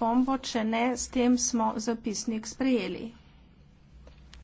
pombo, če ne, s tem smo zapisnik sprejeli.